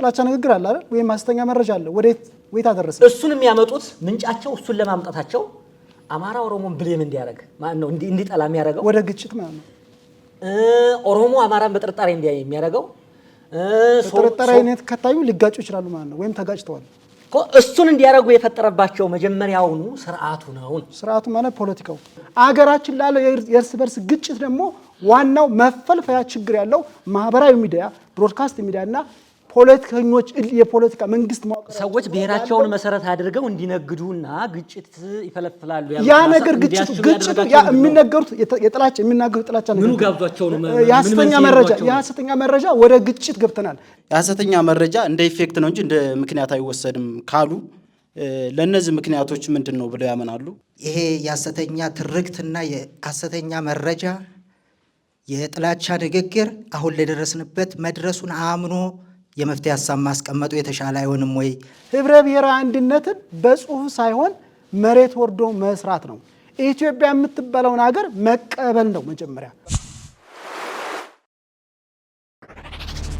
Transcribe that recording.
ጥላቻ ንግግር አለ አይደል? ወይም ሐሰተኛ መረጃ አለ። ወዴት ወዴት አደረሰ? እሱን የሚያመጡት ምንጫቸው እሱን ለማምጣታቸው አማራ ኦሮሞን ብሌም እንዲያደርግ ማለት ነው እንዲጠላ የሚያደርገው ወደ ግጭት ማለት ነው። ኦሮሞ አማራን በጥርጣሬ እንዲያይ የሚያደርገው በጥርጣሬ አይነት ከታዩ ሊጋጩ ይችላሉ ማለት ነው፣ ወይም ተጋጭተዋል። እሱን እንዲያደርጉ የፈጠረባቸው መጀመሪያውኑ ስርዓቱ ነው። ስርዓቱ ማለት ፖለቲካው አገራችን ላለው የእርስ በርስ ግጭት ደግሞ ዋናው መፈልፈያ ችግር ያለው ማህበራዊ ሚዲያ፣ ብሮድካስት ሚዲያ እና ፖለቲከኞች የፖለቲካ መንግስት ማወቅ ሰዎች ብሔራቸውን መሰረት አድርገው እንዲነግዱና ግጭት ይፈለፍላሉ። ያ ነገር ግጭት ግጭቱ ያ የሚነገሩት የጥላቻ የሚናገሩ ጥላቻ ምኑ ጋብዟቸው ነው? የሐሰተኛ መረጃ የሐሰተኛ መረጃ ወደ ግጭት ገብተናል። የሐሰተኛ መረጃ እንደ ኢፌክት ነው እንጂ እንደ ምክንያት አይወሰድም ካሉ ለእነዚህ ምክንያቶች ምንድን ነው ብለው ያመናሉ? ይሄ የሐሰተኛ ትርክትና የሐሰተኛ መረጃ የጥላቻ ንግግር አሁን ለደረስንበት መድረሱን አምኖ የመፍትሄ ሀሳብ ማስቀመጡ የተሻለ አይሆንም ወይ? ህብረ ብሔራዊ አንድነትን በጽሁፍ ሳይሆን መሬት ወርዶ መስራት ነው። ኢትዮጵያ የምትበለውን ሀገር መቀበል ነው መጀመሪያ።